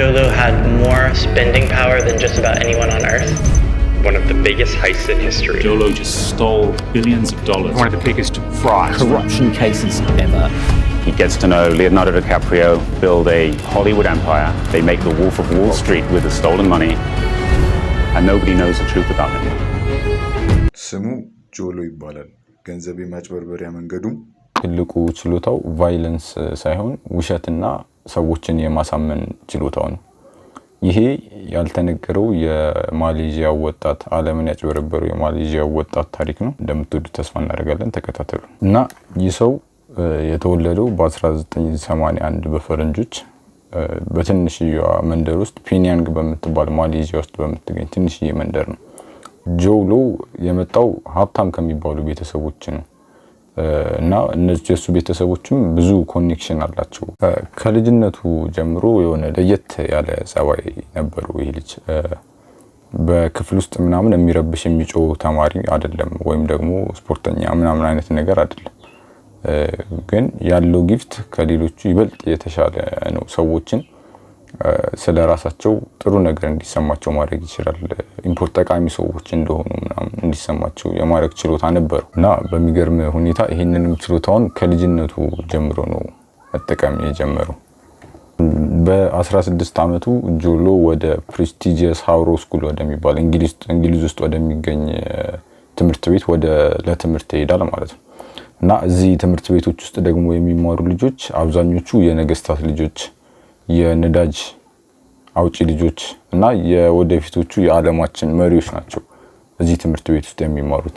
Jolo had more spending power than just about anyone on Earth one of the biggest heists in history. Jolo just stole billions of dollars. One of the biggest frauds. Corruption cases ever. He gets to know Leonardo DiCaprio, build a Hollywood empire. They make the Wolf of Wall Street with the stolen money. And nobody knows the truth about him. ስሙ ጆሎ ይባላል። ገንዘብ የማጭበርበሪያ መንገዱ ትልቁ ችሎታው ቫይለንስ ሳይሆን ውሸትና ሰዎችን የማሳመን ችሎታው ነው። ይሄ ያልተነገረው የማሌዥያ ወጣት ዓለምን ያጭበረበረው የማሌዥያ ወጣት ታሪክ ነው። እንደምትወዱ ተስፋ እናደርጋለን። ተከታተሉ እና ይህ ሰው የተወለደው በ1981 በፈረንጆች በትንሽዬዋ መንደር ውስጥ ፒኒያንግ በምትባል ማሌዥያ ውስጥ በምትገኝ ትንሽዬ መንደር ነው። ጆውሎ የመጣው ሀብታም ከሚባሉ ቤተሰቦች ነው። እና እነዚህ የእሱ ቤተሰቦችም ብዙ ኮኔክሽን አላቸው። ከልጅነቱ ጀምሮ የሆነ ለየት ያለ ጸባይ ነበሩ። ይህ ልጅ በክፍል ውስጥ ምናምን የሚረብሽ የሚጮህ ተማሪ አይደለም፣ ወይም ደግሞ ስፖርተኛ ምናምን አይነት ነገር አይደለም። ግን ያለው ጊፍት ከሌሎቹ ይበልጥ የተሻለ ነው። ሰዎችን ስለ ራሳቸው ጥሩ ነገር እንዲሰማቸው ማድረግ ይችላል። ኢምፖርት ጠቃሚ ሰዎች እንደሆኑ ምናምን እንዲሰማቸው የማድረግ ችሎታ ነበረው እና በሚገርም ሁኔታ ይህንንም ችሎታውን ከልጅነቱ ጀምሮ ነው መጠቀም የጀመረው። በ16 ዓመቱ ጆሎ ወደ ፕሬስቲጂየስ ሃውሮ ስኩል ወደሚባል እንግሊዝ ውስጥ ወደሚገኝ ትምህርት ቤት ወደ ለትምህርት ይሄዳል ማለት ነው እና እዚህ ትምህርት ቤቶች ውስጥ ደግሞ የሚማሩ ልጆች አብዛኞቹ የነገስታት ልጆች የነዳጅ አውጪ ልጆች እና የወደፊቶቹ የዓለማችን መሪዎች ናቸው እዚህ ትምህርት ቤት ውስጥ የሚማሩት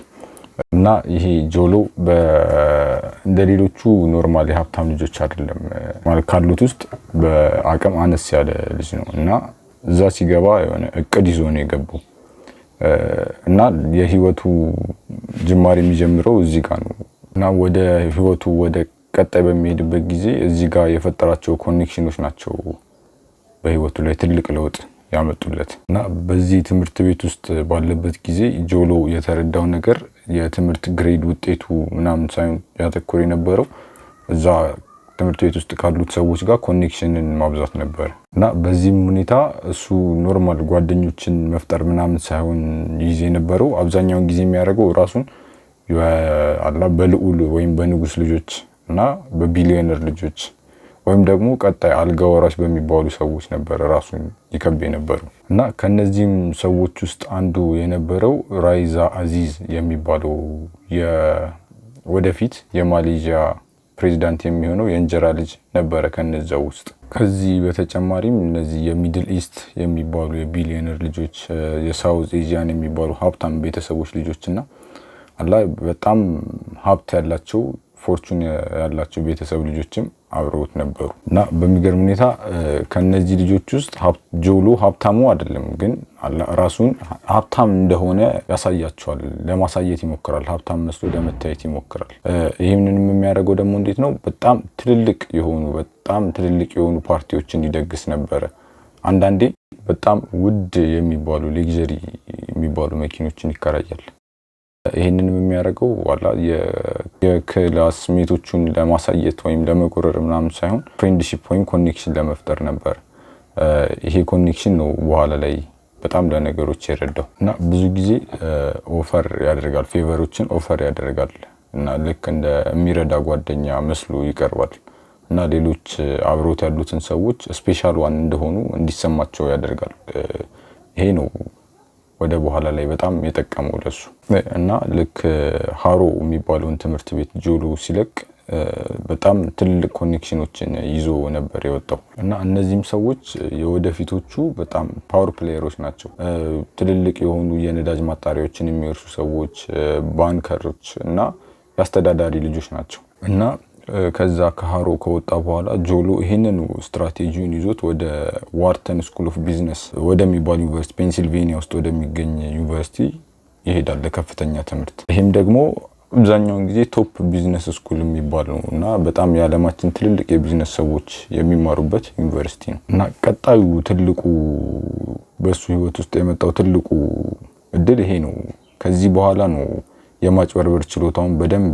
እና ይሄ ጆሎ እንደ ሌሎቹ ኖርማል የሀብታም ልጆች አይደለም። ማለት ካሉት ውስጥ በአቅም አነስ ያለ ልጅ ነው እና እዛ ሲገባ የሆነ እቅድ ይዞ ነው የገባው እና የህይወቱ ጅማሬ የሚጀምረው እዚህ ጋር ነው እና ወደ ህይወቱ ወደ ቀጣይ በሚሄድበት ጊዜ እዚህ ጋር የፈጠራቸው ኮኔክሽኖች ናቸው በህይወቱ ላይ ትልቅ ለውጥ ያመጡለት እና በዚህ ትምህርት ቤት ውስጥ ባለበት ጊዜ ጆሎ የተረዳው ነገር የትምህርት ግሬድ ውጤቱ ምናምን ሳይሆን ያተኮር የነበረው እዛ ትምህርት ቤት ውስጥ ካሉት ሰዎች ጋር ኮኔክሽንን ማብዛት ነበር እና በዚህም ሁኔታ እሱ ኖርማል ጓደኞችን መፍጠር ምናምን ሳይሆን ይዜ የነበረው አብዛኛውን ጊዜ የሚያደርገው ራሱን አላ በልዑል ወይም በንጉስ ልጆች እና በቢሊዮነር ልጆች ወይም ደግሞ ቀጣይ አልጋ ወራሽ በሚባሉ ሰዎች ነበረ ራሱን ይከብ የነበሩ እና ከነዚህም ሰዎች ውስጥ አንዱ የነበረው ራይዛ አዚዝ የሚባለው ወደፊት የማሌዥያ ፕሬዚዳንት የሚሆነው የእንጀራ ልጅ ነበረ ከነዚ ውስጥ። ከዚህ በተጨማሪም እነዚህ የሚድል ኢስት የሚባሉ የቢሊዮነር ልጆች፣ የሳውዝ ኤዥያን የሚባሉ ሀብታም ቤተሰቦች ልጆች እና አላ በጣም ሀብት ያላቸው ፎርቹን ያላቸው ቤተሰብ ልጆችም አብረውት ነበሩ እና በሚገርም ሁኔታ ከነዚህ ልጆች ውስጥ ጆሎ ሀብታሙ አይደለም፣ ግን ራሱን ሀብታም እንደሆነ ያሳያቸዋል። ለማሳየት ይሞክራል። ሀብታም መስሎ ለመታየት ይሞክራል። ይህንንም የሚያደርገው ደግሞ እንዴት ነው? በጣም ትልልቅ የሆኑ በጣም ትልልቅ የሆኑ ፓርቲዎችን ይደግስ ነበረ። አንዳንዴ በጣም ውድ የሚባሉ ሌግዘሪ የሚባሉ መኪኖችን ይከራያል። ይህንንም የሚያደርገው ኋላ የክላስ ስሜቶቹን ለማሳየት ወይም ለመጎረር ምናምን ሳይሆን ፍሬንድሺፕ ወይም ኮኔክሽን ለመፍጠር ነበር። ይሄ ኮኔክሽን ነው በኋላ ላይ በጣም ለነገሮች የረዳው እና ብዙ ጊዜ ኦፈር ያደርጋል፣ ፌቨሮችን ኦፈር ያደርጋል እና ልክ እንደ የሚረዳ ጓደኛ መስሎ ይቀርባል እና ሌሎች አብሮት ያሉትን ሰዎች ስፔሻል ዋን እንደሆኑ እንዲሰማቸው ያደርጋል። ይሄ ነው ወደ በኋላ ላይ በጣም የጠቀመው ለሱ እና ልክ ሀሮ የሚባለውን ትምህርት ቤት ጆሎ ሲለቅ በጣም ትልልቅ ኮኔክሽኖችን ይዞ ነበር የወጣው እና እነዚህም ሰዎች የወደፊቶቹ በጣም ፓወር ፕሌየሮች ናቸው። ትልልቅ የሆኑ የነዳጅ ማጣሪያዎችን የሚወርሱ ሰዎች፣ ባንከሮች እና የአስተዳዳሪ ልጆች ናቸው እና ከዛ ከሃሮ ከወጣ በኋላ ጆሎ ይህንን ስትራቴጂውን ይዞት ወደ ዋርተን ስኩል ኦፍ ቢዝነስ ወደሚባል ዩኒቨርሲቲ ፔንሲልቬኒያ ውስጥ ወደሚገኝ ዩኒቨርሲቲ ይሄዳል ለከፍተኛ ትምህርት። ይህም ደግሞ አብዛኛውን ጊዜ ቶፕ ቢዝነስ ስኩል የሚባል ነው እና በጣም የዓለማችን ትልልቅ የቢዝነስ ሰዎች የሚማሩበት ዩኒቨርሲቲ ነው እና ቀጣዩ ትልቁ በሱ ህይወት ውስጥ የመጣው ትልቁ እድል ይሄ ነው። ከዚህ በኋላ ነው የማጭበርበር ችሎታውን በደንብ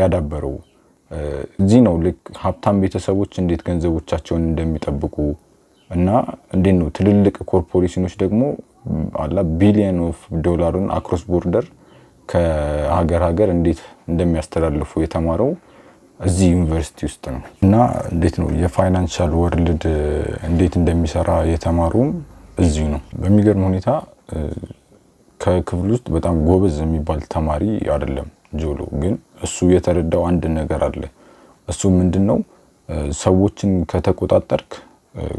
ያዳበረው። እዚህ ነው ልክ ሀብታም ቤተሰቦች እንዴት ገንዘቦቻቸውን እንደሚጠብቁ እና እንዴት ነው ትልልቅ ኮርፖሬሽኖች ደግሞ አላ ቢሊየን ኦፍ ዶላሩን አክሮስ ቦርደር ከሀገር ሀገር እንዴት እንደሚያስተላልፉ የተማረው እዚህ ዩኒቨርሲቲ ውስጥ ነው እና እንዴት ነው የፋይናንሻል ወርልድ እንዴት እንደሚሰራ የተማሩም እዚሁ ነው። በሚገርም ሁኔታ ከክፍል ውስጥ በጣም ጎበዝ የሚባል ተማሪ አይደለም ጆሎ ግን እሱ የተረዳው አንድ ነገር አለ። እሱ ምንድን ነው? ሰዎችን ከተቆጣጠርክ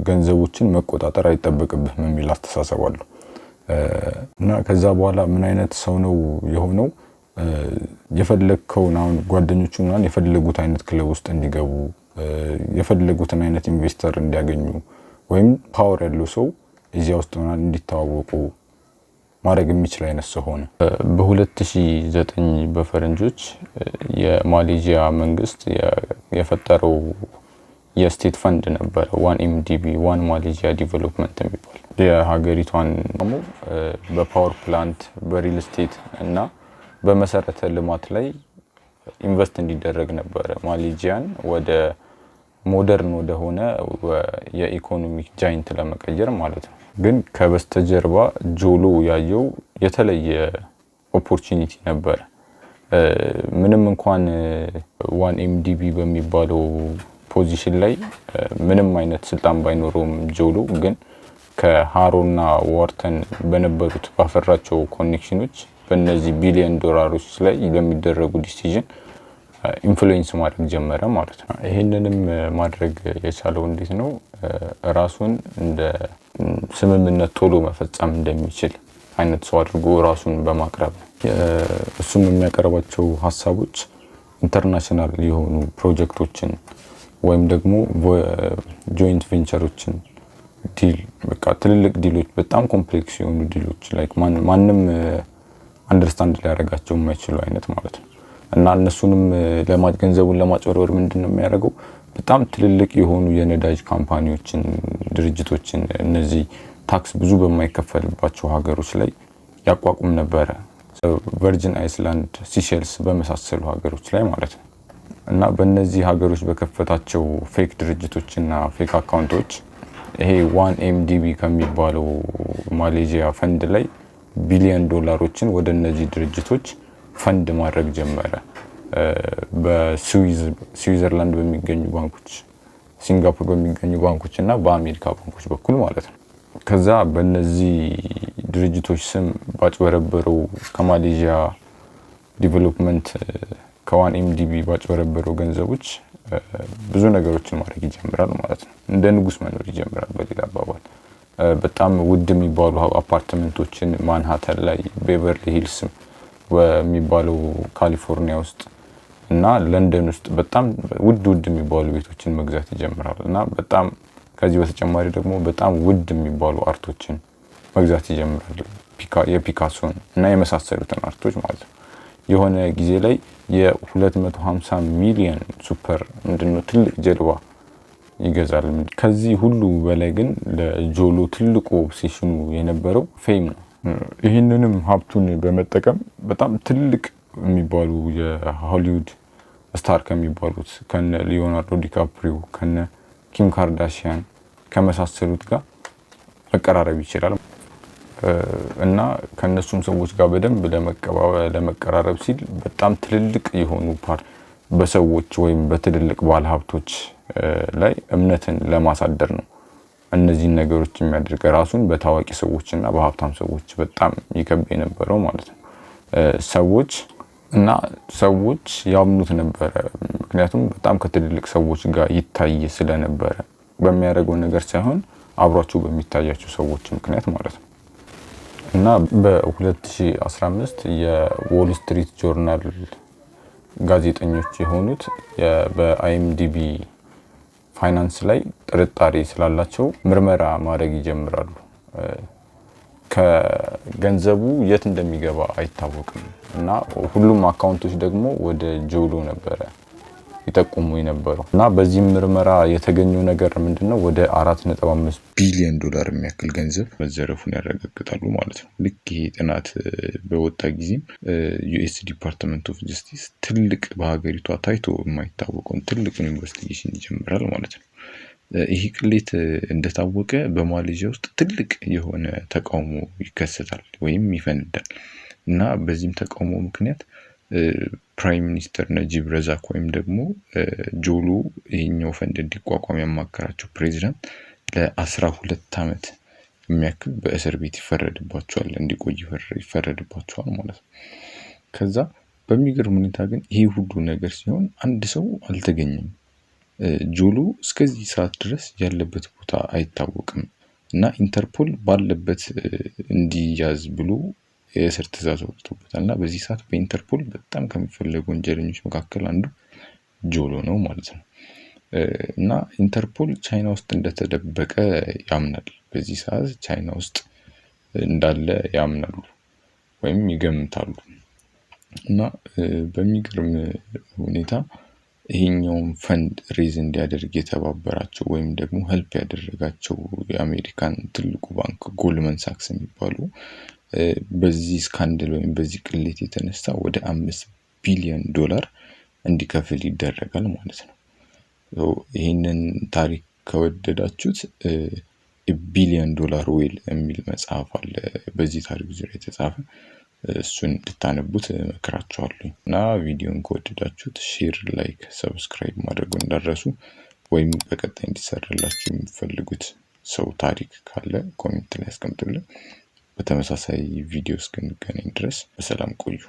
ገንዘቦችን መቆጣጠር አይጠበቅብህም የሚል አስተሳሰብ አለው። እና ከዛ በኋላ ምን አይነት ሰው ነው የሆነው? የፈለግከውን አሁን ጓደኞቹ ምናምን የፈለጉት አይነት ክለብ ውስጥ እንዲገቡ የፈለጉትን አይነት ኢንቨስተር እንዲያገኙ ወይም ፓወር ያለው ሰው እዚያ ውስጥ ምናምን እንዲተዋወቁ ማድረግ የሚችል አይነት ሰው ሆነ። በ2009 በፈረንጆች የማሌዥያ መንግስት የፈጠረው የስቴት ፈንድ ነበረ ዋን ኤምዲቢ ዋን ማሌዥያ ዲቨሎፕመንት የሚባል የሀገሪቷን ደግሞ በፓወር ፕላንት በሪል ስቴት እና በመሰረተ ልማት ላይ ኢንቨስት እንዲደረግ ነበረ ማሌዥያን ወደ ሞደርን ወደሆነ የኢኮኖሚክ ጃይንት ለመቀየር ማለት ነው። ግን ከበስተጀርባ ጆሎ ያየው የተለየ ኦፖርቹኒቲ ነበረ። ምንም እንኳን ዋን ኤምዲቢ በሚባለው ፖዚሽን ላይ ምንም አይነት ስልጣን ባይኖረውም ጆሎ ግን ከሃሮና ዋርተን በነበሩት ባፈራቸው ኮኔክሽኖች በእነዚህ ቢሊዮን ዶላሮች ላይ ለሚደረጉ ዲሲዥን ኢንፍሉዌንስ ማድረግ ጀመረ ማለት ነው። ይህንንም ማድረግ የቻለው እንዴት ነው? ራሱን እንደ ስምምነት ቶሎ መፈጸም እንደሚችል አይነት ሰው አድርጎ ራሱን በማቅረብ ነው። እሱም የሚያቀርባቸው ሀሳቦች ኢንተርናሽናል የሆኑ ፕሮጀክቶችን ወይም ደግሞ ጆይንት ቬንቸሮችን ዲል በቃ ትልልቅ ዲሎች፣ በጣም ኮምፕሌክስ የሆኑ ዲሎች ላይ ማንም አንደርስታንድ ሊያደርጋቸው የማይችሉ አይነት ማለት ነው እና እነሱንም ገንዘቡን ለማጭበርበር ምንድን ነው የሚያደርገው? በጣም ትልልቅ የሆኑ የነዳጅ ካምፓኒዎችን፣ ድርጅቶችን እነዚህ ታክስ ብዙ በማይከፈልባቸው ሀገሮች ላይ ያቋቁም ነበረ። ቨርጅን አይስላንድ፣ ሲሸልስ በመሳሰሉ ሀገሮች ላይ ማለት ነው። እና በእነዚህ ሀገሮች በከፈታቸው ፌክ ድርጅቶችና ፌክ አካውንቶች ይሄ ዋን ኤምዲቢ ከሚባለው ማሌዥያ ፈንድ ላይ ቢሊዮን ዶላሮችን ወደ እነዚህ ድርጅቶች ፈንድ ማድረግ ጀመረ። በስዊዘርላንድ በሚገኙ ባንኮች፣ ሲንጋፖር በሚገኙ ባንኮች እና በአሜሪካ ባንኮች በኩል ማለት ነው። ከዛ በእነዚህ ድርጅቶች ስም ባጭበረበረው ከማሌዥያ ዲቨሎፕመንት ከዋን ኤምዲቢ ባጭበረበረው ገንዘቦች ብዙ ነገሮችን ማድረግ ይጀምራል ማለት ነው። እንደ ንጉስ መኖር ይጀምራል። በሌላ አባባል በጣም ውድ የሚባሉ አፓርትመንቶችን ማንሃተን ላይ ቤቨርሊ ሂልስም በሚባለው ካሊፎርኒያ ውስጥ እና ለንደን ውስጥ በጣም ውድ ውድ የሚባሉ ቤቶችን መግዛት ይጀምራል እና በጣም ከዚህ በተጨማሪ ደግሞ በጣም ውድ የሚባሉ አርቶችን መግዛት ይጀምራል። የፒካሶን እና የመሳሰሉትን አርቶች ማለት ነው። የሆነ ጊዜ ላይ የ250 ሚሊዮን ሱፐር ምንድነው ትልቅ ጀልባ ይገዛል። ከዚህ ሁሉ በላይ ግን ለጆሎ ትልቁ ኦብሴሽኑ የነበረው ፌም ነው። ይህንንም ሀብቱን በመጠቀም በጣም ትልቅ የሚባሉ የሆሊውድ ስታር ከሚባሉት ከነ ሊዮናርዶ ዲካፕሪዮ ከነ ኪም ካርዳሽያን ከመሳሰሉት ጋር መቀራረብ ይችላል እና ከነሱም ሰዎች ጋር በደንብ ለመቀራረብ ሲል በጣም ትልልቅ የሆኑ ፓር በሰዎች ወይም በትልልቅ ባለሀብቶች ላይ እምነትን ለማሳደር ነው። እነዚህን ነገሮች የሚያደርገ ራሱን በታዋቂ ሰዎችና በሀብታም ሰዎች በጣም ይከብ የነበረው ማለት ነው ሰዎች እና ሰዎች ያምኑት ነበረ። ምክንያቱም በጣም ከትልልቅ ሰዎች ጋር ይታይ ስለነበረ በሚያደርገው ነገር ሳይሆን አብሯቸው በሚታያቸው ሰዎች ምክንያት ማለት ነው። እና በ2015 የዎል ስትሪት ጆርናል ጋዜጠኞች የሆኑት በአይኤምዲቢ ፋይናንስ ላይ ጥርጣሬ ስላላቸው ምርመራ ማድረግ ይጀምራሉ። ከገንዘቡ የት እንደሚገባ አይታወቅም እና ሁሉም አካውንቶች ደግሞ ወደ ጆሎ ነበረ ይጠቁሙ የነበረው እና በዚህ ምርመራ የተገኘው ነገር ምንድን ነው ወደ አራት ነጥብ አምስት ቢሊዮን ዶላር የሚያክል ገንዘብ መዘረፉን ያረጋግጣሉ ማለት ነው። ልክ ይሄ ጥናት በወጣ ጊዜም ዩኤስ ዲፓርትመንት ኦፍ ጀስቲስ ትልቅ በሀገሪቷ ታይቶ የማይታወቀውን ትልቁን ኢንቨስቲጌሽን ይጀምራል ማለት ነው። ይህ ቅሌት እንደታወቀ በማሌዥያ ውስጥ ትልቅ የሆነ ተቃውሞ ይከሰታል ወይም ይፈነዳል እና በዚህም ተቃውሞ ምክንያት ፕራይም ሚኒስተር ነጂብ ረዛክ ወይም ደግሞ ጆሎ ይሄኛው ፈንድ እንዲቋቋም ያማከራቸው ፕሬዚዳንት ለአስራ ሁለት ዓመት የሚያክል በእስር ቤት ይፈረድባቸዋል፣ እንዲቆይ ይፈረድባቸዋል ማለት ነው። ከዛ በሚገርም ሁኔታ ግን ይሄ ሁሉ ነገር ሲሆን አንድ ሰው አልተገኘም። ጆሎ እስከዚህ ሰዓት ድረስ ያለበት ቦታ አይታወቅም እና ኢንተርፖል ባለበት እንዲያዝ ብሎ የእስር ትእዛዝ ወጥቶበታል እና በዚህ ሰዓት በኢንተርፖል በጣም ከሚፈለጉ ወንጀለኞች መካከል አንዱ ጆሎ ነው ማለት ነው። እና ኢንተርፖል ቻይና ውስጥ እንደተደበቀ ያምናል። በዚህ ሰዓት ቻይና ውስጥ እንዳለ ያምናሉ ወይም ይገምታሉ። እና በሚገርም ሁኔታ ይሄኛውን ፈንድ ሬዝ እንዲያደርግ የተባበራቸው ወይም ደግሞ ሄልፕ ያደረጋቸው የአሜሪካን ትልቁ ባንክ ጎልመን ሳክስ የሚባሉ በዚህ ስካንድል ወይም በዚህ ቅሌት የተነሳ ወደ አምስት ቢሊዮን ዶላር እንዲከፍል ይደረጋል ማለት ነው። ይህንን ታሪክ ከወደዳችሁት ቢሊዮን ዶላር ዌል የሚል መጽሐፍ አለ በዚህ ታሪክ ዙሪያ የተጻፈ እሱን እንድታነቡት እመክራችኋለሁ። እና ቪዲዮን ከወደዳችሁት ሼር፣ ላይክ፣ ሰብስክራይብ ማድረጉ እንዳረሱ ወይም በቀጣይ እንዲሰራላችሁ የሚፈልጉት ሰው ታሪክ ካለ ኮሜንት ላይ ያስቀምጡልን። በተመሳሳይ ቪዲዮ እስክንገናኝ ድረስ በሰላም ቆዩ።